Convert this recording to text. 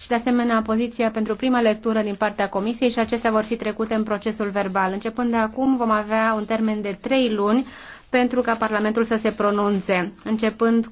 și de asemenea poziția pentru prima lectură din partea Comisiei și acestea vor fi trecute în procesul verbal. Începând de acum vom avea un termen de trei luni pentru ca Parlamentul să se pronunțe, începând